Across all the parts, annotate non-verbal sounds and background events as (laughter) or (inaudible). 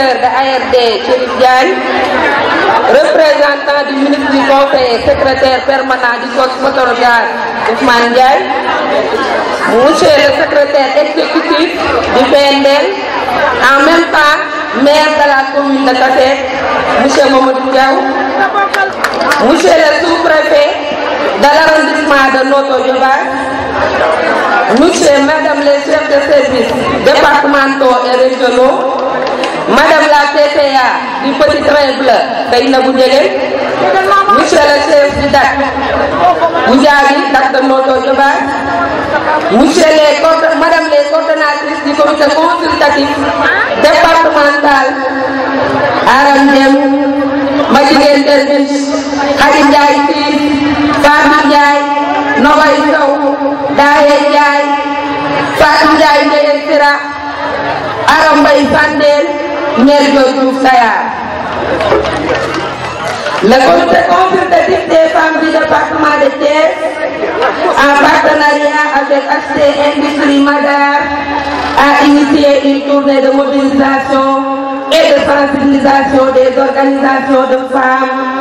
directeur de ARD Chérif Diagne, représentant du ministre du Conseil et du Cosmotorogar monsieur le secrétaire exécutif du PNL, en même temps maire de la commune de Kassé, monsieur Mamadou Diaw, monsieur le sous-préfet de l'arrondissement de Noto Dioba, monsieur madame les chefs de service départementaux et Madame la CPA du Petit Triangle, Taïna Boudjelé, Monsieur le chef du DAC, Boudjali, DAC de Moto Monsieur les, Madame les coordonnatrices du comité consultatif départemental, Aramdem, Madjigène Derbich, Khadim Ndiaye, Fatou Ndiaye, Novaï Sow, Daye Ndiaye, Fatou Ndiaye Ndeye Sira, Bay Fandel, maire Dior Diouf Sayar le comité consultatif des femmes du département de Thiès en partenariat avec HT Industrie Madar a initié une tournée de mobilisation et de sensibilisation des organisations de femmes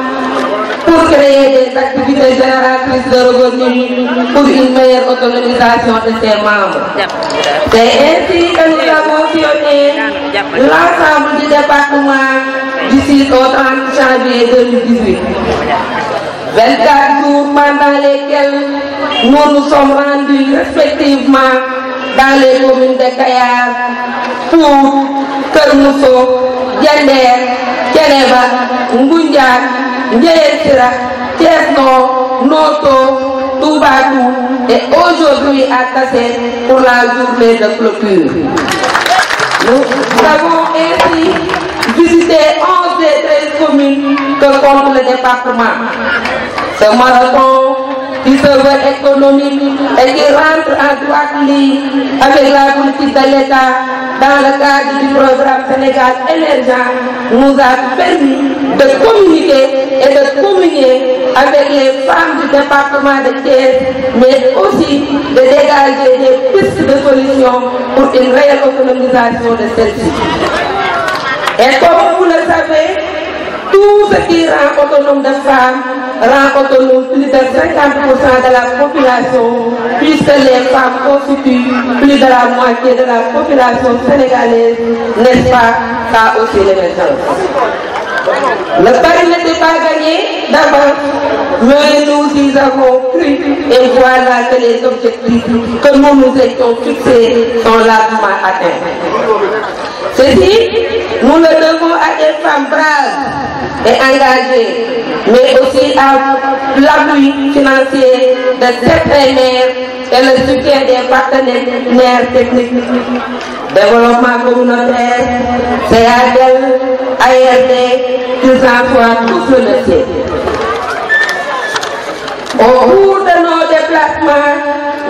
pour créer des activités génératrices de revenus pour une meilleure autonomisation de ses membres. C'est ainsi que nous respectivement dans les communes de Kayar, Pour, Kermousso, Yandere, Keneva, Ngunjan, Ndjeyesira, Tiesno, Noto, Toubatou et aujourd'hui à Tassé pour la journée de clôture. Nous avons ainsi visité 11 des 13 communes que compte le département. se veut économique et qui avec la politique de l'État dans le cadre du programme Sénégal émergent nous a permis de communiquer et de communier avec les femmes du département de caisse mais aussi de dégager des pistes de solutions pour une réelle autonomisation de cette situation Et comme vous le savez, tout ce qui rend autonome de femmes rend autonome plus de 50% de la population, puisque les femmes constituent plus de la moitié de la population sénégalaise, n'est-ce pas Ça aussi les Le pari n'était pas gagné d'abord, mais nous y avons cru et voilà que les objectifs que nous nous étions fixés sont largement atteints. Ceci nous le devons à des femmes braves et engagées, mais aussi à l'appui financier de certains et le soutien des partenaires techniques. Développement communautaire, CADL, ARD, e, tout en soient tous menacés. Au cours de nos déplacements,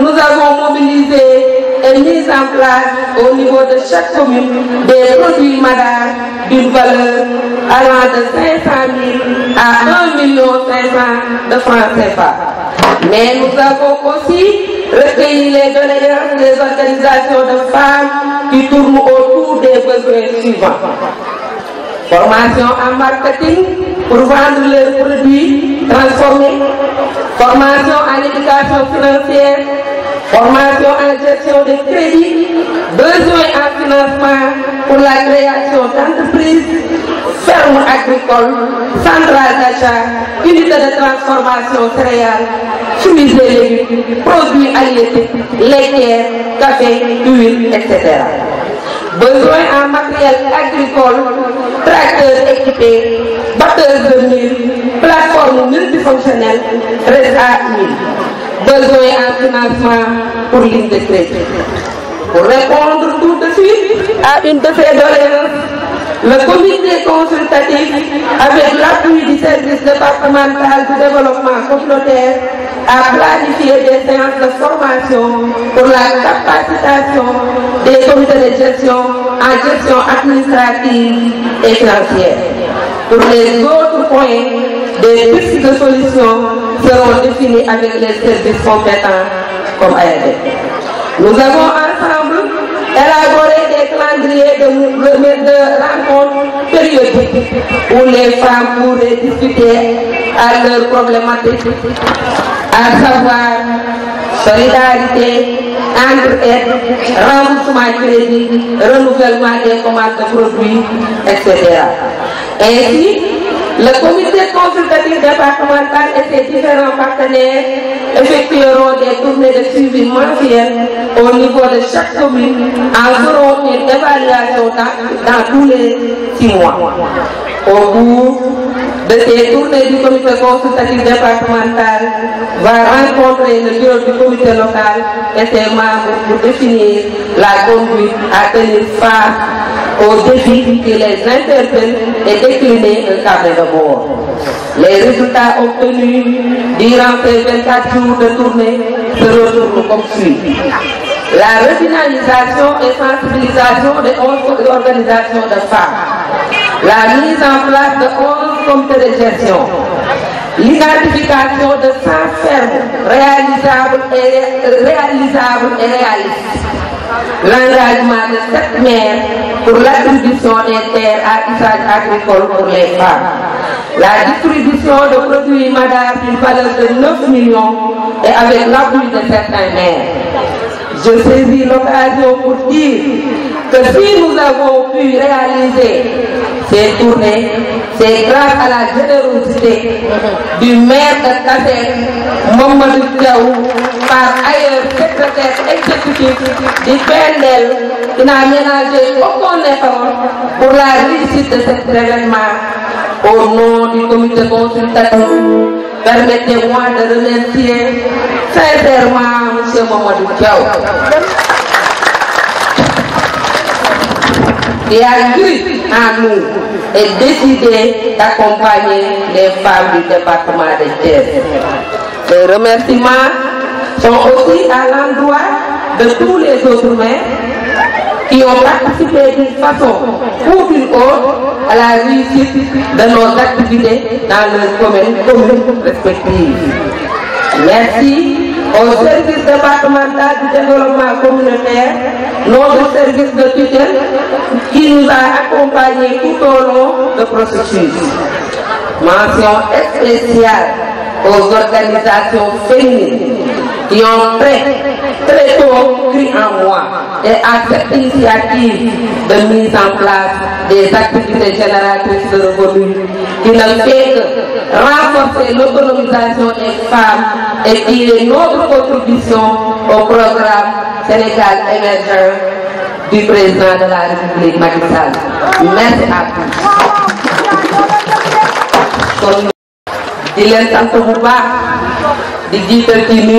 nous avons mobilisé est mise en place au niveau de chaque commune des produits mara d'une valeur allant de 500 000 à 1 500 de francs CFA. Mais nous avons aussi recueilli les données des organisations de femmes qui tournent autour des besoins suivants. Formation en marketing pour vendre les produits transformés. Formation en éducation financière formation en gestion de crédit, besoin en financement pour la création d'entreprises, fermes agricoles, centrales d'achat, unités de transformation céréales, fruits et produits halieutiques, laitières, café, huile, etc. Besoin en matériel agricole, tracteurs équipés, batteuses de mille, plateformes multifonctionnelles, 13 à besoin en financement pour l'île Pour répondre tout de suite à une de ces le comité consultatif, avec l'appui du service départemental du développement communautaire, a planifié des séances de formation pour la capacitation des comités de gestion en gestion administrative et financière. Pour les autres points, des pistes de solutions seront définis avec les services compétents hein, comme ARD. Nous avons ensemble élaboré des calendriers de, de rencontres périodiques où les femmes pourraient discuter à leurs problématiques, à savoir solidarité, entre-aide, remboursement crédit, renouvellement des commandes de produits, etc. Ainsi, le comité consultatif le et ses différents partenaires effectueront des tournées de suivi mensuelles au niveau de chaque commune en faisant une évaluation dans, tous les six mois. Au bout de ces tournées du comité consultatif départemental va rencontrer le bureau du comité local et ses membres pour définir la conduite à tenir face aux défis qui les interpellent et décliner le cadre de bord. Les résultats obtenus durant ces 24 jours de tournée se retournent comme suit. La régionalisation et sensibilisation des 11 organisations de femmes. La mise en place de 11 comités de gestion. L'identification de 100 fermes réalisables et, réalisables et réalistes. L'engagement de cette maires pour l'attribution des terres à usage agricole pour les femmes. La distribution de produits Madar d'une valeur de 9 millions et avec l'appui de certains maires. Je saisis l'occasion pour dire que si nous avons pu réaliser ces tournées, c'est grâce à la générosité du maire de Kassel, Mamadou Diaou, par ailleurs secrétaire exécutif du PNL, qui n'a ménagé aucun effort pour la réussite de cet événement au nom du comité consultatif, permettez-moi de remercier sincèrement M. Mamadou Diaw. qui a eu à nous et décidé d'accompagner les femmes du département de terres. Les remerciements sont aussi à l'endroit de tous les autres maires qui ont participé d'une façon ou d'une autre à la réussite de nos activités dans le domaine communes respectives. Merci au service départemental du développement communautaire, notre service de tutelle, qui nous a accompagnés tout au long du processus. Mention spéciale aux organisations féminines qui ont très, très tôt pris en moi et à cette initiative de mise en place des activités générales de revenus qui n'ont fait que renforcer l'autonomisation des femmes et qui est notre contribution au programme Sénégal émergent du président de la République Macky Merci à tous. di jiital ci bi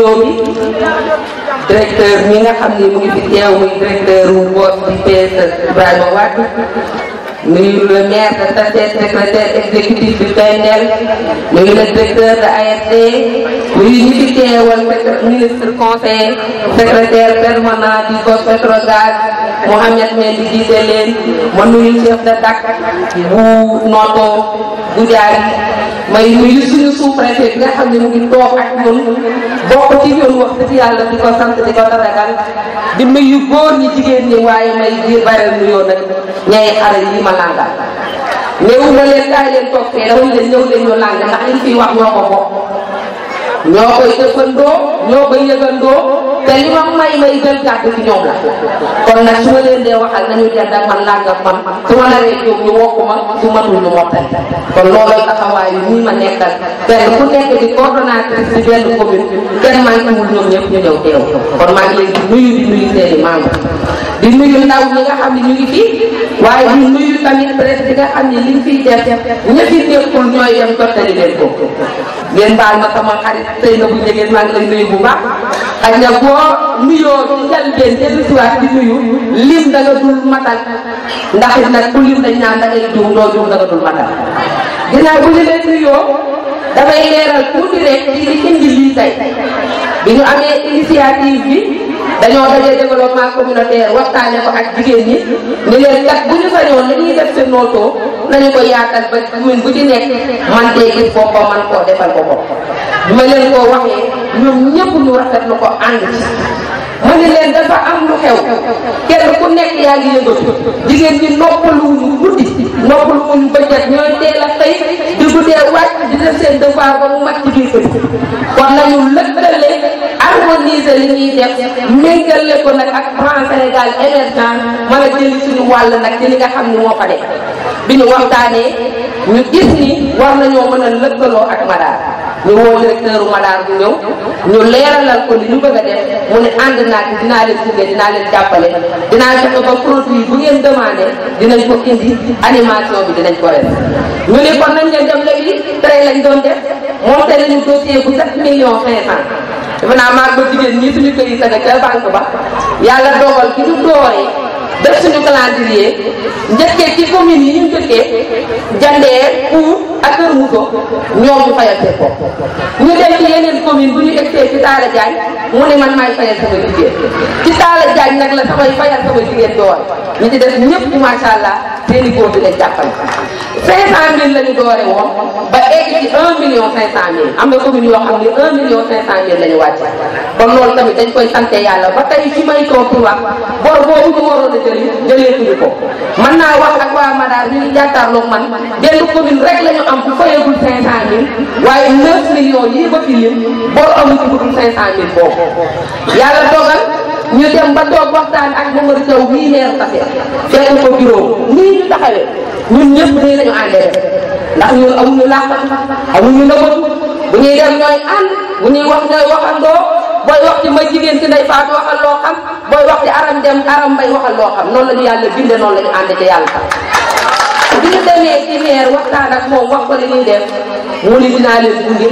directeur mi nga xam ni mu ngi fi teew directeur wu boos di PSE Ibrahima Wade nuyu le maire de Tassette secrétaire exécutif bi Fendel nuyu le directeur de ASD nuyu ñi fi teewal ministre conseil secrétaire permanent du COS Petrogaz Mouhamed Mendy jiite leen ma nuyu chef de DAC bu Noto bu Diary may nuyu suñu sous-préfet bi nga xam ne mu ngi toog ak ñun bokk ci ñun wax dëgg yàlla di ko sant di ko tatagal di yu góor ñi jigéen ñi waaye may di bare nuyoo nag ñay xale yi ma làngal néew ma leen kaay leen toog fee dama leen ñëw leen ñu làng ndax liñ fi wax ñoo ko bokk ñoo koy jëfandoo ñoo koy yëgandoo te li ma may may jël kàddu ci ñoom la kon nag su ma leen dee waxal nañu jënd ak man nangam man su ma naree jóg ñu woo ko ma su matul ñu mottal kon looloo taxawaay yi ñi ma nekkal kenn ku nekk di coordonnatrice ci benn commune kenn maa ngi amul ñoom ñëpp ñëw teew kon maa ngi leen di nuyu di nuyu seen i membres di nuyu ndaw ñi nga xam ne ñu ngi fi waaye di nuyu tamit presse bi nga xam ne liñ fiy def ña fi nekkul ñooy dem jottali leen ko ngeen baal ma sama xarit tey na bu njëgeen maa ngi lay nuyu bu baax xaj na boo nuyoo ci njëlbeen te du siwaat di nuyu lim da nga dul matal ndax it nag ku lim dañ naan da ngay juum doo juum da nga dul matal ginnaaw bu ñu leen nuyoo damay leeral tuuti rek ci li indi lii tey bi ñu amee initiative bi dañoo dajee développement communautaire waxtaane ko ak jigéen ñi ni leen kat bu ñu sañoon ni ñuy def seen nootoo nañu ko yaatal ba commune bu ci nekk man tey gis boppam man koo defal ko bopp bi ma leen koo waxee ñoom ñëpp ñu rafetlu ko ànd ci mu leen dafa am lu xew kenn ku nekk yaa ngi yëngatu jigéen ñi noppalu wuñu guddi noppalu wuñu bëccëg ñooy teel a xëy di guddee wàcc di def seen devoir ba ci biir ko nag ak Plan Sénégal émergent mën a jëli suñu wàll nag ci li nga xam ni moo fa bi ñu waxtaanee ñu gis ni war nañoo mën a lëkkaloo ak Madaar ñu woo directeur Madaar bu ñëw ñu leeralal ko li ñu bëgg a def mu ne ànd naa dinaa leen dinaa leen jàppale dinaa fexe ba produit bu ngeen demandé dinañ ko indi animation bi dinañ ko def. ñu ne kon nañ dem léegi tey lañ doon def monté nañu dossier bu 7 millions 500 defe naa maag ba jigéen ñi suñu kër yi sa nekk ca banque ba yàlla dogal ki ñu dooree def suñu calendrier njëkkee ci commune yi ñu njëkkee jandee pour. ak Kër Moussa ñoom ñu fayal seen bopp ñu dem ci yeneen bu ñu egsee ci Talla Diagne mu ne man maay fayal sama jigéen ci Talla Diagne nag la samay fayal sama jigéen dool ñu def ñëpp macha allah. seen i góor di leen jàppale. 500000 la ñu doore woon ba egg ci 1 million 500000 am na commune yoo xam ne 1 million 500000 la ñu wàcc kon loolu tamit dañ koy sant yàlla ba tey fi may toog pour wax bor boobu ñu waroon a jëli jëleetuñu ko. mën naa wax ak waa Madaar ñu ngi man benn commune rek la ñu am bu fayagul 500000 waaye 9 millions yii ba fi lim bor amu ci budul 500000 boobu yàlla dogal. ñu dem ba doog waxtaan ak Mamadou Sow mii meer tase fekk ko bureau nii ñu taxawee ñun ñëpp nii lañu àndee ndax ñun amuñu làq amuñu nëbbatu bu ñuy dem ñooy bu ñuy wax ñooy waxandoo booy wax ci ma wax ci aram dem aram mbay la ñu yàlla binde noonu la ñu ànd ca yàlla tax bi meer waxtaan ak moom wax ko li ñuy def ni dinaa leen gunge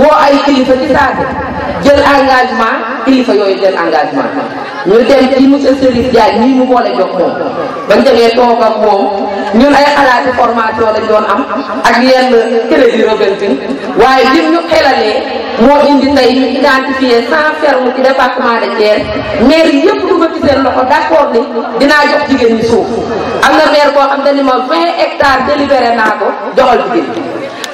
woo ay kilifa ci saate jël engagement kilifa yooyu jël engagement ñu dem ci monsieur Serigne Diagne nii mu boole jox moom bañ demee toog ak moom ñun ay xalaati formation lañ doon am ak yenn crédit reventin waaye lim ñu xelalee moo indi tey ñu identifié cent ferme ci département de Thiès maire yëpp dugal ci seen loxo d'accord ni dinaa jox jigéen ñi suuf am na maire boo xam ne ni ma vingt hectares délibéré naa ko joxal jigéen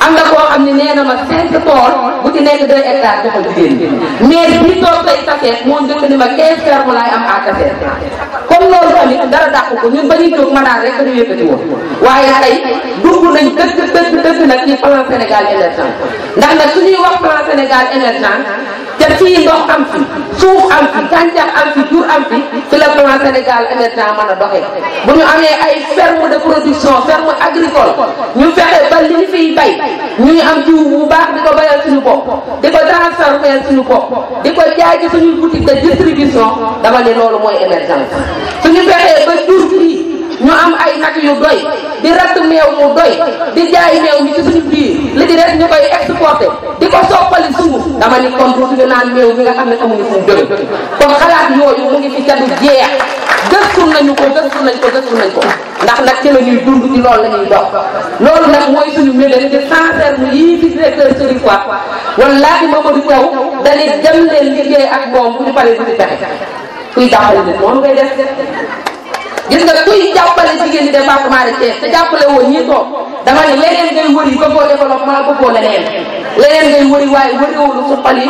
am na koo xam ne nee ma cinq tool bu ci nekk deux hectares jox ko jigéen mais bi toog tey sakeet moom dëkk ni ma quinze fermes laay am a Kaseer comme loolu tamit dara dàqu ko ñun ba ñuy jóg ma naan rek dañu yëkkati woon waaye tey dugg nañ dëkk dëkk dëkk nag ci plan Sénégal émergent ndax nag su ñuy wax plan Sénégal émergent te fii ndox am fi suuf am fi gàncax Sénégal émergent mën a doxee bu ñu amee ay ferme ba li dama ne loolu mooy émergence suñu fexee ba jur fii ñu am ay nag yu doy di ratt meew mu doy di jaay meew mi ci suñu biir li di des ñu koy exporté di ko soppali sunguf dama ni kon suñu naan meew mi nga xam ne amuñu fu kon xalaat yooyu mu ngi fi ca du jeex gëstu nañu ko gëstu nañ ko gëstu nañ ko ndax nag ci la ñuy dund ci loolu la ñuy dox loolu nag mooy suñu mébét te sincèrement yii fi directeur Serigne Foy wallaahi Mamadou Sow dañuy dem leen liggéey ak moom bu ñu paree bu ñu fexe kuy jàppale nit noonu ngay def gis nga kuy jàppale jigéen ñi département de Thiès te jàppale woon ñii toog dama ne leneen ngay wëri bëggoo développement bëggoo leneen leneen ngay wëri waaye wëriwoo lu suqali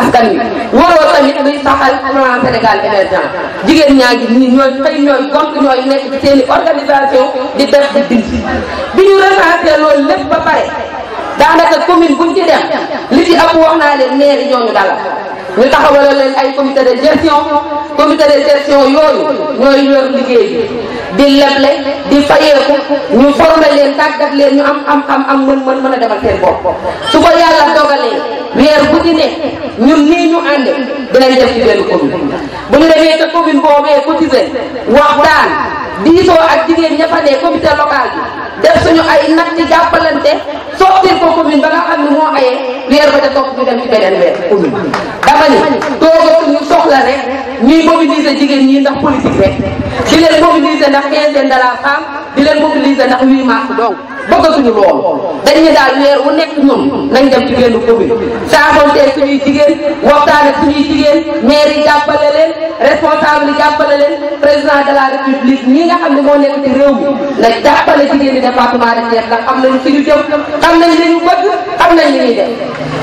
askan wi wëroo tamit luy saxal plan Sénégal émergent jigéen ñaa ngi nii ñooy xëy ñooy gont ñooy nekk ci seen organisation di def di dindi bi ñu recensé loolu lépp ba pare daanaka commune buñ ci dem li ci ëpp wax naa leen maire yi ñooñu dalal ñu taxawalal leen ay comité de gestion comité de gestion yooyu ñooy yor liggéey di leble di fayeeku ñu former leen tàggat leen ñu am am am am mën mën mën a defal seen bopp su ko a dogalee weer bu ci ne ñun nii ñu ànde dinañ def ci benn commune bu ñu demee ca commune boobee cotiser waxtaan diisoo ak jigéen ña fa ne comité local bi def suñu ay nag ci jàppalante sottil ko commune ba nga xam ne moo ayee weer ba ca topp ñu dem ci beneen weer commune dama ni jigéen ñi ndax politique rek di leen mobiliser ndax quinzaine de la di leen mobiliser ndax 8 mars donc bëggatuñu lool dañ ne daal weer wu nekk ñun nañ dem ci benn commune saafonteeg suñuy jigéen waxtaan suñuy jigéen maire yi leen responsable yi leen président de la république ñi nga xam ne moo nekk ci réew mi na jàppale jigéen ñi département de ndax xam nañu fi ñu jëm xam nañ li ñu bëgg xam nañ li ñuy def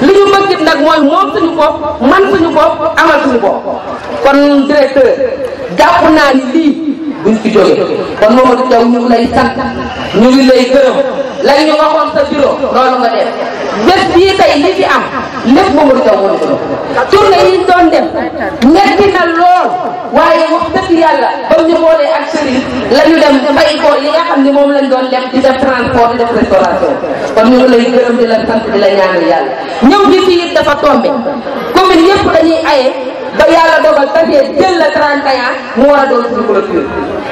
li ñu bëgg nag mooy moom suñu bopp man suñu bopp amal suñu bopp kon directeur jàpp naa ni lii buñ fi jógee kon Mamadou Thiaw ñu ngi lay sant ñu ngi lay gërëm lay ñu waxoon sa bureau loolu nga def bés bii tey li fi am lépp Mamadou Thiaw moo ko tournée yi ñu doon dem metti na lool waaye wax dëgg yàlla ba ñu boolee ak sëriñ la ñu dem xam ne moom lañ doon dem di def transport di def restauration kon ñu lay gërëm di la sant di la ñaanal yàlla ñëw bi fii dafa tombé commune yëpp dañuy aye ba yàlla dogal tafee jël la 31 mu war a doon suñu clôture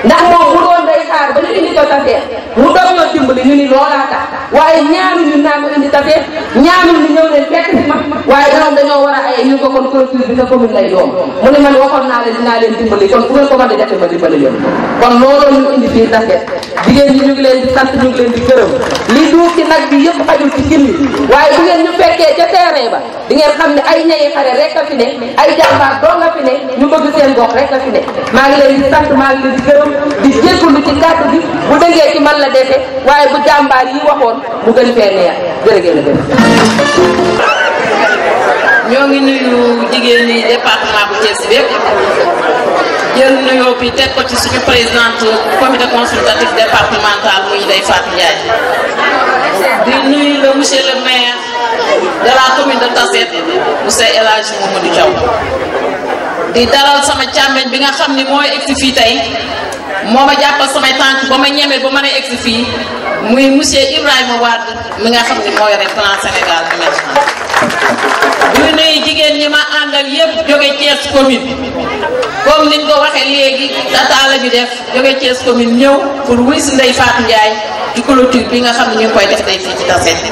ndax moom bu doon xaar ba ñu indi ko tafeex mu doog ñoo dimbali ñu ni loolaa tax waaye ñaanuñu naa ko indi tafeex ñaanul ñu ñëw leen fekk fi ma waaye ñoom dañoo war a ay ñu ko kon collectif bi sa commune lay doon mu ne man waxoon naa leen dinaa leen dimbali kon bu ngeen ko mën a jafe ma dimbali leen kon looloo ñu indi fii tafeex jigéen ñi ñu ngi leen di sant ñu ngi leen di gërëm li duuf ci nag bi yëpp xajul ci kin bi waaye bu ngeen ñu fekkee ca terrain ba di ngeen xam ne ay ñayi xare rek a fi ne ay jàmbaar doo nga fi ne ñu bëgg seen gox rek a fi ne maa ngi leen di sant maa ngi leen di gërëm di jégalu ci gàddu bi bu dëggee ci man la dese waaye bu jàmbaar yi waxoon mu gën fee neex jërëgéen a def ñoo ngi nuyu jigéen ñi département bu Thiès bépp jël nuyoo bi teg ko ci suñu présidente comité consultatif départemental muy Ndeye Fatou Ndiaye di nuyu le monsieur sama càmmeñ bi nga xam ni mooy egsi fii moo ma jàppal samay tànk ba ma ñemee ba mën a egsi fii muy monsieur Ibrahima Wade mi nga xam ne moo yore plan Sénégal émergent ñu nuyu jigéen ñi ma àndal yépp jóge Thiès commune comme niñ ko waxee léegi tata la def jóge Thiès commune ñëw pour wuy si Ndeye Fatou Ndiaye ci clôture bi nga xam ne ñu ngi koy def tey fii ci Tassette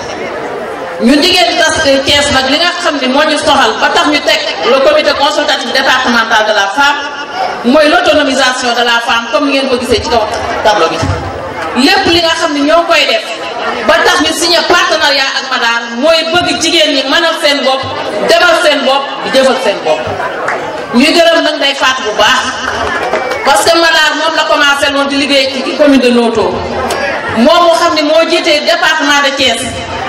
ñu jigéen tas Thiès nag li nga xam ne moo ñu soxal ba tax ñu teg le comité consultatif départemental de la femme mooy l'autonomisation de la femme comme ngeen ko gisee ci kaw tableau bi lépp li nga xam ne ñoo koy def ba tax ñu signé partenariat ak Madaar mooy bëgg jigéen ñi mënal seen bopp demal seen bopp jëfal seen bopp ñuy gërëm nag faat bu baax parce que Madaar moom la commencé woon di liggéey ci commune de Noto moom moo xam ne moo jiitee département de Thiès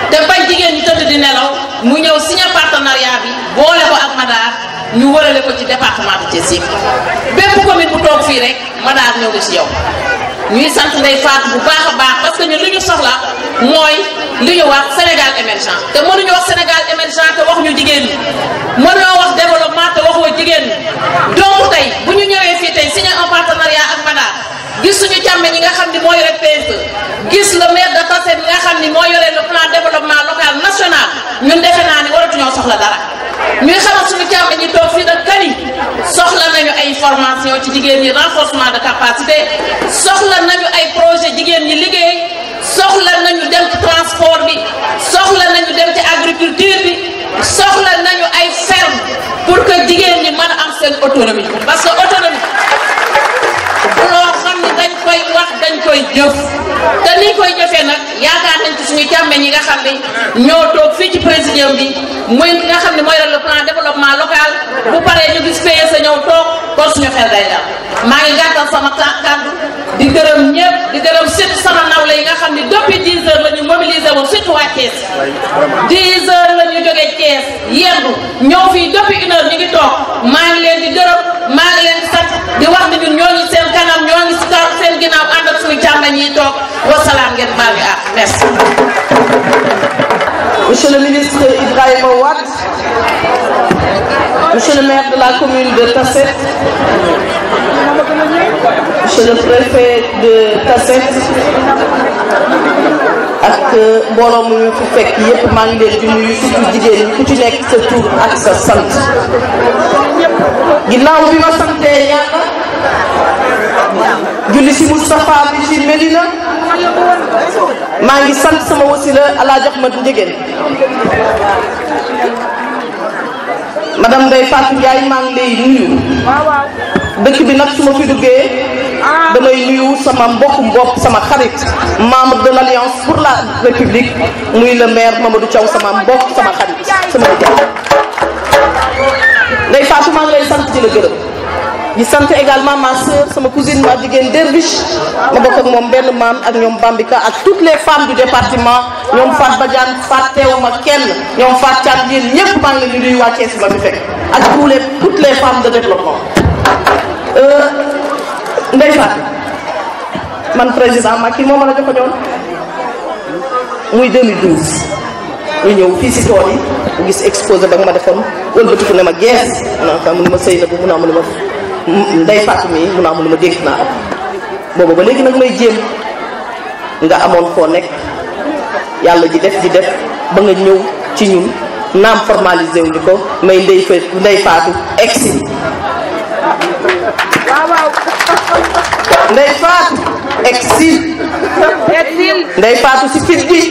te bañ jigéen ñi tëdd di nelaw mu ñëw signé partenariat bi boole ko ak Madaar ñu wërale ko ci département de Thiès yëpp bépp commune bu toog fii rek ma daal ñëw na ci yow ñuy sant Ndeye Fatou bu baax a baax parce que ñun li ñu soxla mooy li ñu wax Sénégal émergent te mënuñu wax Sénégal émergent te wax ñu jigéen ñi mënuñoo wax développement te waxoo jigéen ñi donc tey bu ñu ñëwee fii tey signé un partenariat ak Madaar gis suñu jàmm ñi nga xam ni moo yore PSE gis le maire de Tassé nga xam ni moo yore le plan développement local national ñun defe naa ni waratuñoo soxla dara ñuy xamal suñu jàmm ñi toog fii nag kani soxla nañu ay formation ci jigéen ñi renforcement de capacité soxla nañu ay projet jigéen ñi liggéey soxla nañu dem ci transport bi soxla nañu dem ci agriculture bi soxla nañu ay ferme pour que jigéen ñi mën am seen autonomie parce que koy jëf te niñ koy jëfee nag yaakaar nañ ci suñu càmmeñ yi nga xam ne ñoo toog fii ci présidium bi muy nga xam ne mooy le plan développement local bu paree ñu gis paye sa ñëw toog kon suñu xel day dal maa ngi gàttal sama kàddu di gërëm ñëpp di gërëm surtout sama nawle yi nga xam ne depuis 10 heures ñu mobilisé wu surtout waa Thiès 10 jógee Thiès yendu ñëw fii depuis une ñu ngi toog maa ngi leen di gërëm maa ngi leen di sant Monsieur le ministre Ibrahim Ouad, Monsieur le maire de la commune de Tasset, Monsieur le préfet de Tasset, ak euh, mbooloo mu ñu fi fekk yépp maa ngi leen di nuyu surtout jigéen ñi ku ci nekk sa tur ak sa sant ginnaaw bi ma santee yàlla julli si Moustapha bi ci Medina maa ngi sant sama wasila Alaaji Ahmadu Njegéen madame Ndeye Fatou Ndiaye maa ngi lay nuyu dëkk bi nag su ma fi duggee damay nuyu sama mbokkum bopp sama xarit membre de l' alliance pour la république muy la maire Mamadou Thiaw sama mbokk sama xarit sama jaay Ndeye Fatou maa ngi lay sant di la gërëm di sant également ma sœur, sama cousine ma jigéen Derviche ma bokk ak moom benn maam ak ñoom Bambika ak toutes les femmes du département ñoom Fat Badiane Fat teewuma kenn ñoom Fat Thiam yéen ñëpp maa ngi leen di nuyu waa ma fi fekk ak tous les toutes les femmes de développement. Euh, Ndeye Fatou man président Macky moo ma jox joxoon muy 2012 ñu ñëw fii si tool yi gis exposé ba nga ma defoon wëlbatiku ne ma gees maanaam mu ne ma sëy na bu mun a mun a ma. day fàtt mi mun a am lu ma dégg naa boobu ba léegi nag may jéem nga amoon koo nekk yàlla ji def ji def ba nga ñëw ci ñun naam formalisé wuñu ko may ndey fa ndey faatu egsi ndey faatu egsi fit gi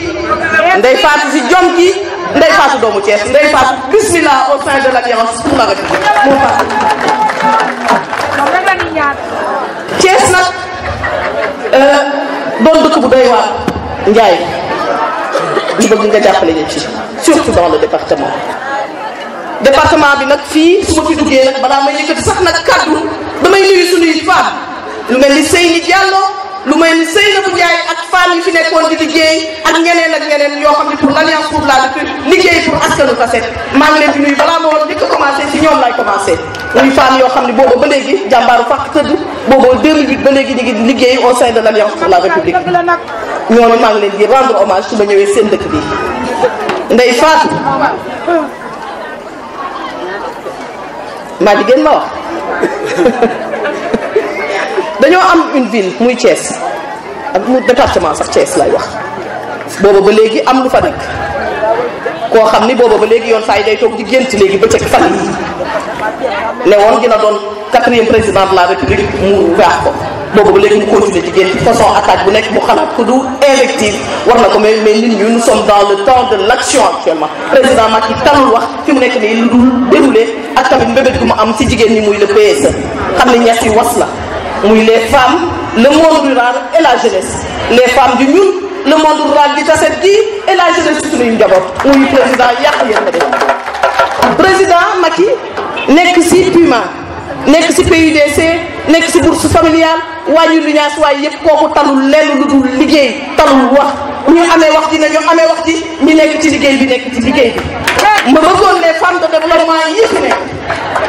ndey faatu si jom gi ndey faatu doomu Cees ndey faatu bismillah au sein de l'alliance pour la République moo doon dëkk bu doy waar Ndiaye ñu bëgg nga jàppale ñu ci surtout dans le département département bi nag fii su ma fi duggee nag balaa may yëkkati sax nag kàddu damay nuyu suñuy femmes lu mel ni Seyni Diallo lu may Seynabou Ndiaye ak femmes yi fi nekkoon di liggéey ak ñeneen ak ñeneen yoo xam ne pour l'alliance pour la lutte liggéey pour askanu Kaset maa ngi leen di nuyu balaa ma woon njëkk a ci ñoom laay commencé muy femmes yoo xam ne boobu ba léegi jàmbaaru fàq tëdd boobu 2008 ba léegi ñu ngi liggéey au sein de l'alliance pour la république ñooñu maa ngi leen di rendre hommage su ma ñëwee seen dëkk bi Ndeye Fatou maa jigéen ma wax (laughs) dañoo am une ville muy Thiès ak mu département sax Thiès lay wax booba ba léegi am lu fa nekk koo xam ni booba ba léegi yoon saa yi day toog di gént léegi ba cëg fan yi ne woon dina doon quatrième président de la république mu waax ko boobu ba léegi mu continuer ci gént façon attaque bu nekk mu xalaat ko du invective war na ko mais mais nit ñu nous sommes dans le temps de l'action actuellement président tam tànnul wax fi mu nekk nii lu dul déroulé ak mu am si jigéen ñi muy le PSE xam ne ñett yi was la muy les femmes le monde rural et la jeunesse les femmes du ñun le monde rural di taset gi et la jeunesse suñu njaboot Oui, président yàq yéen a président Macky nekk si Puma nekk si PUDC nekk si bourse familiale wàññi lu ñaas waaye yëpp kooku talul lenn lu dul liggéey talul wax bu ñu amee wax di nañu amé wax di ñu nekk ci liggéey bi nekk ci liggéey bi. ma bëggoon les femmes de développement yi fi nekk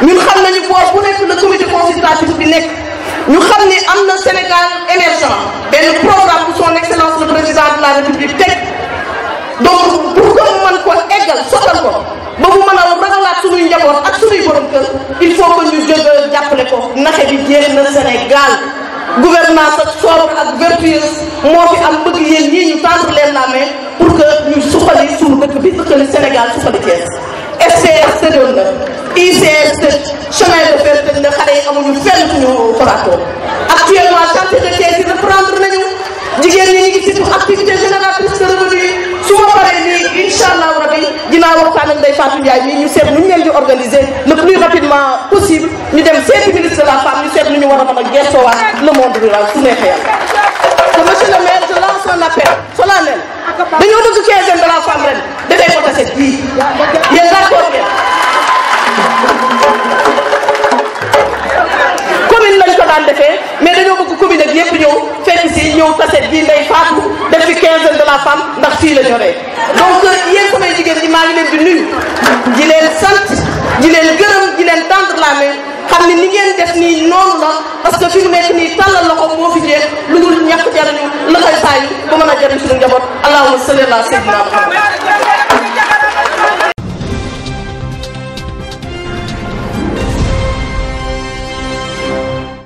ñun xam nañu boor bu nekk le comité consultatif bi nekk. ñu xam ni am na Sénégal émergent benn programme bu son excellence le président de la république teg donc pour que mu ko eggal sotal ko ba mu mën a ragalaat suñuy njaboot ak suñuy borom kër il faut que ñu jóg jàppale ko naxe bi jéem Sénégal gouvernance ak sobre ak vertueuse moo fi am bëgg yéen ñii ñu tendre leen la main pour que ñu suqali suñu dëkk bi suqali Sénégal suqali Thiès SCS tëjoon na ICS tëj chemin de fer tëj na xale yi amuñu fenn fu ñu faratoo actuellement chantier de caisse yi reprendre nañu jigéen ñi ñu ngi surtout de revenu su ma paree nii incha allahu rabi dinaa war ak Ndeye Fatou Ndiaye mii ñu seet nu ñu leen di organiser le plus rapidement possible ñu dem seeti ministre de la femme ñu seet lu ñu war a mën a gëstoo waat le monde rural su neexee yàlla. te monsieur le maire je lance un appel dañoo dugg quinzième de la femme ren dafay ko tase bii yéen d'accord ngeen commune lañ ko daan defee mais dañoo bëgg commune ak yépp fekk si ñëw tase bii Ndeye Fatou def fi quinzième de la femme ndax fii la ñoree donc euh, yéen samay jigéen ñi maa ngi leen di nuyu di leen sant di leen gërëm di leen tendre la xam ne ni ngeen def nii noonu la parce fi mu nekk tàllal la ko moo fi jeex lu dul ñàkk jariñu la koy bàyyi ba mën a jariñ suñu njaboot allahumma salli ala sayyidina Muhammad